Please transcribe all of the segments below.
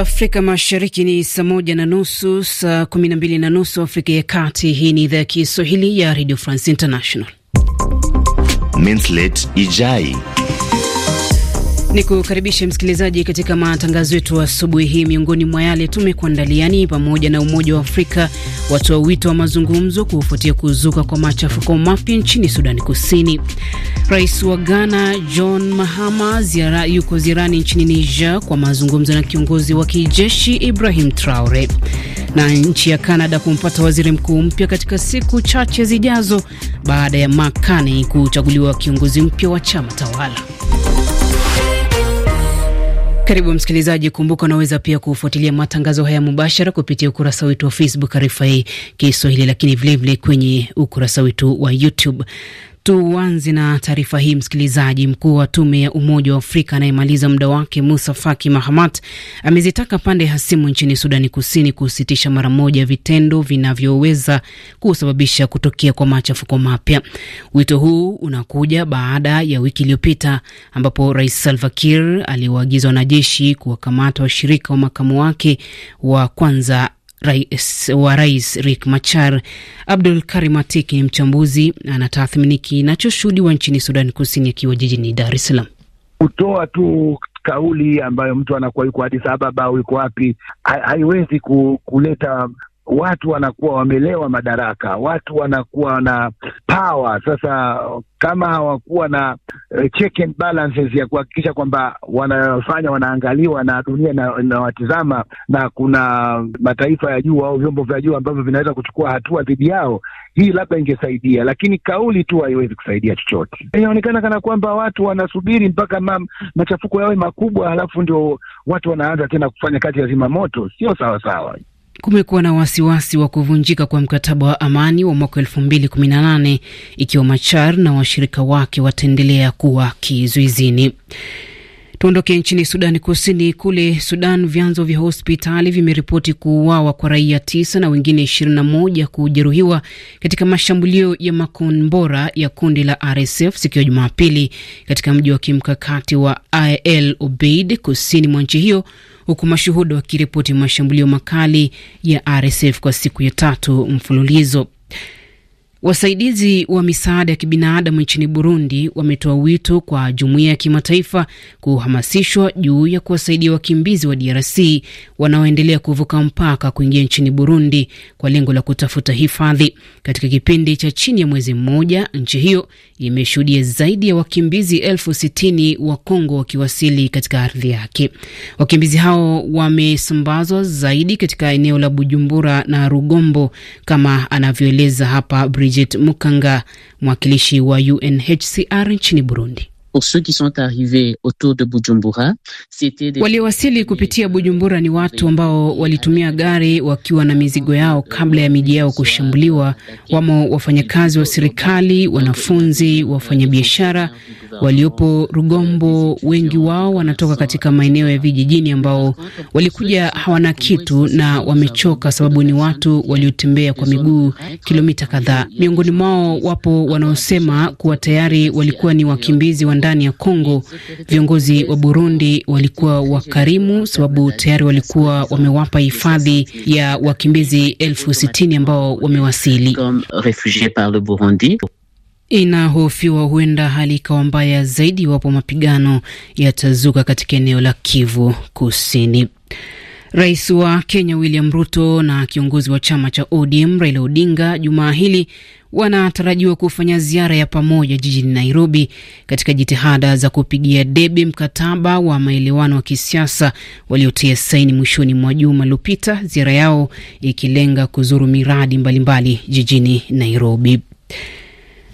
Afrika Mashariki ni saa moja na nusu, saa kumi na mbili na nusu Afrika ya Kati. Hii ni idhaa ya Kiswahili ya Radio France International. Mintlet Ijai ni kukaribisha msikilizaji katika matangazo yetu asubuhi hii. Miongoni mwa yale tumekuandalia ni pamoja na Umoja wa Afrika watoa wito wa mazungumzo kufuatia kuzuka kwa machafuko mapya nchini Sudani Kusini. Rais wa Ghana John Mahama ziara, yuko ziarani nchini Niger kwa mazungumzo na kiongozi wa kijeshi Ibrahim Traore, na nchi ya Kanada kumpata waziri mkuu mpya katika siku chache zijazo baada ya Mark Carney kuchaguliwa kiongozi mpya wa chama tawala. Karibu msikilizaji, kumbuka unaweza pia kufuatilia matangazo haya mubashara kupitia ukurasa wetu wa Facebook arifai Kiswahili, lakini vilevile kwenye ukurasa wetu wa YouTube. Tuanze na taarifa hii msikilizaji. Mkuu wa tume ya Umoja wa Afrika anayemaliza muda wake Musa Faki Mahamat amezitaka pande hasimu nchini Sudani Kusini kusitisha mara moja vitendo vinavyoweza kusababisha kutokea kwa machafuko mapya. Wito huu unakuja baada ya wiki iliyopita ambapo Rais Salva Kiir aliwaagiza wanajeshi kuwakamata washirika wa makamu wake wa kwanza rais wa rais rik Machar. Abdul Karim Atiki ni mchambuzi, anatathmini kinachoshuhudiwa nchini Sudan Kusini akiwa jijini Dar es Salaam. kutoa tu kauli ambayo mtu anakuwa yuko hadi Ababa au yuko wapi, haiwezi kuleta watu wanakuwa wamelewa madaraka, watu wanakuwa na power. Sasa kama hawakuwa na eh, check and balances ya kuhakikisha kwamba wanayofanya wanaangaliwa na dunia inawatizama na, na kuna mataifa ya juu au vyombo vya juu ambavyo vinaweza kuchukua hatua dhidi yao, hii labda ingesaidia, lakini kauli tu haiwezi kusaidia chochote. Inaonekana kana kwamba watu wanasubiri mpaka ma, machafuko yawe makubwa, halafu ndio watu wanaanza tena kufanya kazi ya zimamoto. Sio sawasawa. Kumekuwa na wasiwasi wa kuvunjika kwa mkataba wa amani wa mwaka elfu mbili kumi na nane ikiwa Machar na washirika wake wataendelea kuwa kizuizini. Tuondoke nchini Sudani Kusini. Kule Sudan, vyanzo vya hospitali vimeripoti kuuawa kwa raia tisa na wengine 21 kujeruhiwa katika mashambulio ya makombora ya kundi la RSF siku ya Jumapili katika mji wa kimkakati wa Al Obeid kusini mwa nchi hiyo, huku mashuhuda wakiripoti mashambulio makali ya RSF kwa siku ya tatu mfululizo. Wasaidizi wa misaada ya kibinadamu nchini Burundi wametoa wito kwa jumuiya ya kimataifa kuhamasishwa juu ya kuwasaidia wakimbizi wa DRC wanaoendelea kuvuka mpaka kuingia nchini Burundi kwa lengo la kutafuta hifadhi. Katika kipindi cha chini ya mwezi mmoja, nchi hiyo imeshuhudia zaidi ya wakimbizi elfu sitini wa Kongo wakiwasili katika ardhi yake. Wakimbizi hao wamesambazwa zaidi katika eneo la Bujumbura na Rugombo, kama anavyoeleza hapa Bridge. Brigit Mukanga, mwakilishi wa UNHCR nchini Burundi. Pour ceux qui sont arrivés autour de Bujumbura, c'était des... waliowasili kupitia Bujumbura ni watu ambao walitumia gari wakiwa na mizigo yao kabla ya miji yao kushambuliwa. Wamo wafanyakazi wa serikali, wanafunzi, wafanyabiashara waliopo Rugombo. Wengi wao wanatoka katika maeneo ya vijijini ambao walikuja hawana kitu na wamechoka, sababu ni watu waliotembea kwa miguu kilomita kadhaa. Miongoni mwao wapo wanaosema kuwa tayari walikuwa ni wakimbizi wa ndani ya Kongo, viongozi wa Burundi walikuwa wakarimu, sababu tayari walikuwa wamewapa hifadhi ya wakimbizi elfu sitini ambao wamewasili. Inahofiwa huenda hali ikawa mbaya zaidi iwapo mapigano yatazuka katika eneo la Kivu Kusini. Rais wa Kenya William Ruto na kiongozi wa chama cha ODM Raila Odinga jumaa hili wanatarajiwa kufanya ziara ya pamoja jijini Nairobi katika jitihada za kupigia debe mkataba wa maelewano wa kisiasa waliotia saini mwishoni mwa juma lililopita, ziara yao ikilenga kuzuru miradi mbalimbali mbali jijini Nairobi.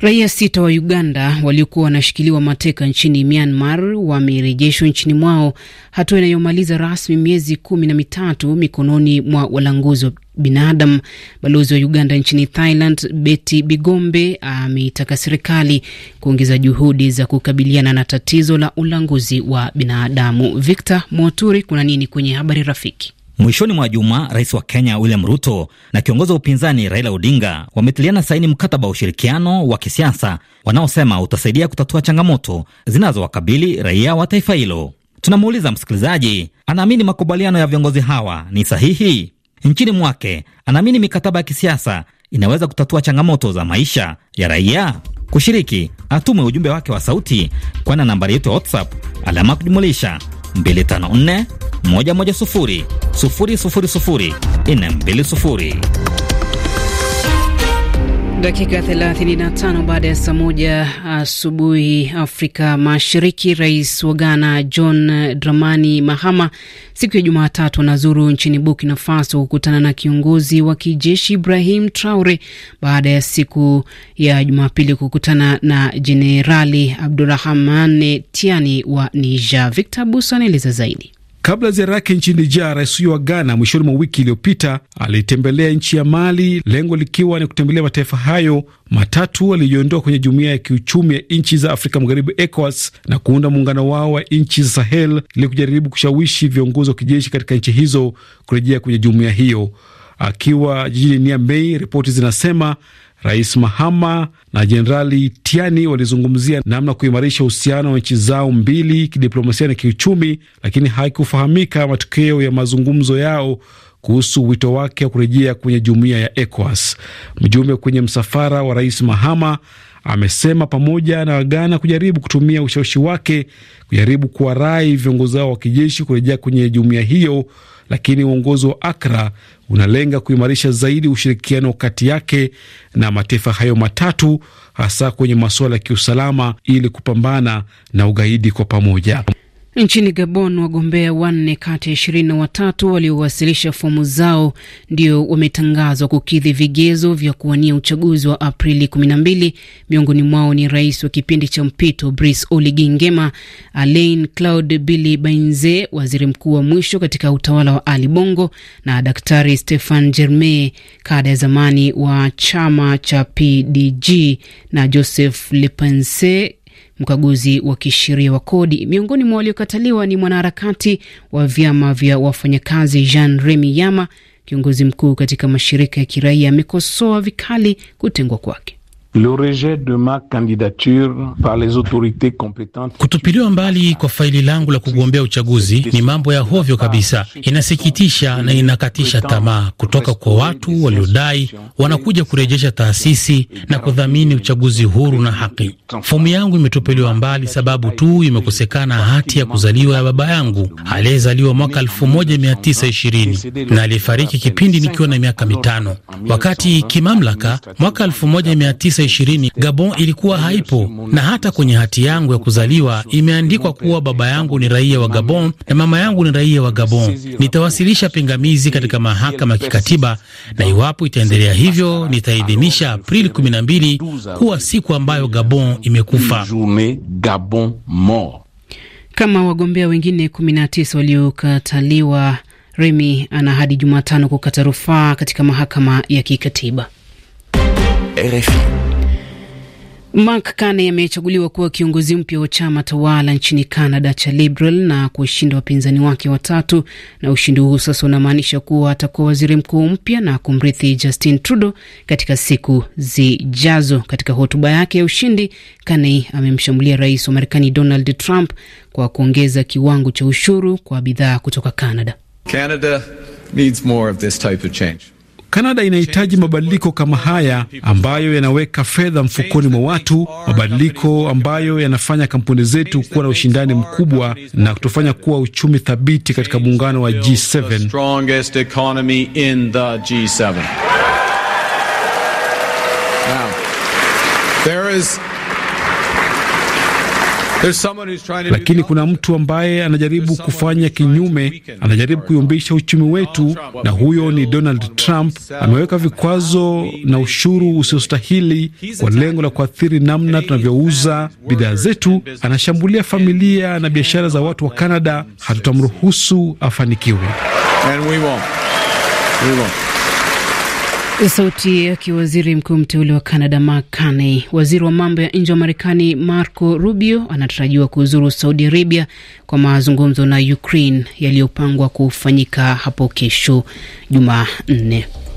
Raia sita wa Uganda waliokuwa wanashikiliwa mateka nchini Myanmar wamerejeshwa nchini mwao, hatua inayomaliza rasmi miezi kumi na mitatu mikononi mwa walanguzi wa binadamu. Balozi wa Uganda nchini Thailand, Betty Bigombe, ameitaka serikali kuongeza juhudi za kukabiliana na tatizo la ulanguzi wa binadamu. Victor Moturi, kuna nini kwenye habari rafiki? Mwishoni mwa juma, rais wa Kenya William Ruto na kiongozi wa upinzani Raila Odinga wametiliana saini mkataba wa ushirikiano wa kisiasa wanaosema utasaidia kutatua changamoto zinazowakabili raia wa taifa hilo. Tunamuuliza msikilizaji, anaamini makubaliano ya viongozi hawa ni sahihi? Nchini mwake anaamini mikataba ya kisiasa inaweza kutatua changamoto za maisha ya raia? Kushiriki atume ujumbe wake wa sauti kwenda nambari yetu ya WhatsApp alama kujumulisha 254 110 Dakika 35 baada ya saa moja asubuhi Afrika Mashariki, rais wa Ghana John Dramani Mahama siku ya Jumatatu anazuru nchini Burkina Faso kukutana na kiongozi wa kijeshi Ibrahim Traore baada ya siku ya Jumapili kukutana na Jenerali Abdurahmane Tiani wa Niger. Victor Buso anaeleza zaidi. Kabla ziara yake nchini Nija, rais huyo wa Ghana mwishoni mwa wiki iliyopita alitembelea nchi ya Mali, lengo likiwa ni kutembelea mataifa hayo matatu aliyoondoa kwenye jumuiya ya kiuchumi ya nchi za Afrika Magharibi, ECOWAS, na kuunda muungano wao wa nchi za Sahel ili kujaribu kushawishi viongozi wa kijeshi katika nchi hizo kurejea kwenye jumuiya hiyo. Akiwa jijini Niamey, ripoti zinasema Rais Mahama na Jenerali Tiani walizungumzia namna kuimarisha uhusiano wa nchi zao mbili kidiplomasia na kiuchumi, lakini haikufahamika matokeo ya mazungumzo yao kuhusu wito wake wa kurejea kwenye jumuiya ya ECOWAS. Mjumbe kwenye msafara wa Rais Mahama amesema pamoja na Ghana kujaribu kutumia ushawishi wake kujaribu kuwarai viongozi hao wa kijeshi kurejea kwenye jumuiya hiyo, lakini uongozi wa Akra unalenga kuimarisha zaidi ushirikiano kati yake na mataifa hayo matatu, hasa kwenye masuala ya kiusalama ili kupambana na ugaidi kwa pamoja. Nchini Gabon, wagombea wanne kati ya ishirini na watatu waliowasilisha fomu zao ndio wametangazwa kukidhi vigezo vya kuwania uchaguzi wa Aprili mbili. Miongoni mwao ni rais wa kipindi cha mpito Brice Oligui Nguema, Alain Claude Billy Bainze, waziri mkuu wa mwisho katika utawala wa Ali Bongo, na Daktari stephan Germain, kada ya zamani wa chama cha PDG, na Joseph Lepense mkaguzi wa kisheria wa kodi. Miongoni mwa waliokataliwa ni mwanaharakati wa vyama vya wafanyakazi Jean Remi Yama, kiongozi mkuu katika mashirika ya kiraia, amekosoa vikali kutengwa kwake. Le rejet de ma candidature par les autorités competentes. Kutupiliwa mbali kwa faili langu la kugombea uchaguzi ni mambo ya hovyo kabisa. Inasikitisha na inakatisha tamaa kutoka kwa watu waliodai wanakuja kurejesha taasisi na kudhamini uchaguzi huru na haki. Fomu yangu imetupiliwa mbali sababu tu imekosekana hati ya kuzaliwa ya baba yangu aliyezaliwa mwaka 1920 na aliyefariki kipindi nikiwa na miaka mitano, wakati kimamlaka mwaka 19 ishirini Gabon ilikuwa haipo, na hata kwenye hati yangu ya kuzaliwa imeandikwa kuwa baba yangu ni raia wa Gabon na mama yangu ni raia wa Gabon. Nitawasilisha pingamizi katika mahakama ya kikatiba, na iwapo itaendelea hivyo, nitaidhinisha Aprili 12 kuwa siku ambayo Gabon imekufa. Kama wagombea wengine 19 waliokataliwa, Remi ana hadi Jumatano kukata rufaa katika mahakama ya kikatiba. RFI. Mark Carney amechaguliwa kuwa kiongozi mpya wa chama tawala nchini Canada cha Liberal na kuwashinda wapinzani wake watatu, na ushindi huu sasa unamaanisha kuwa atakuwa waziri mkuu mpya na kumrithi Justin Trudeau katika siku zijazo. Katika hotuba yake ya ushindi, Carney amemshambulia rais wa Marekani Donald Trump kwa kuongeza kiwango cha ushuru kwa bidhaa kutoka Canada. Canada needs more of this type of change. Kanada inahitaji mabadiliko kama haya ambayo yanaweka fedha mfukoni mwa watu, mabadiliko ambayo yanafanya kampuni zetu kuwa na ushindani mkubwa na kutufanya kuwa uchumi thabiti katika muungano wa G7. there is lakini kuna mtu ambaye anajaribu kufanya kinyume, anajaribu kuyumbisha uchumi wetu, na huyo ni Donald Trump. Ameweka vikwazo na ushuru usiostahili kwa lengo la kuathiri namna tunavyouza bidhaa zetu. Anashambulia familia na biashara za watu wa Kanada. Hatutamruhusu afanikiwe. And we won't. We won't. Sauti ya kiwaziri mkuu mteule wa Canada Mark Carney. Waziri wa mambo ya nje wa Marekani Marco Rubio anatarajiwa kuzuru Saudi Arabia kwa mazungumzo na Ukraine yaliyopangwa kufanyika hapo kesho Jumanne.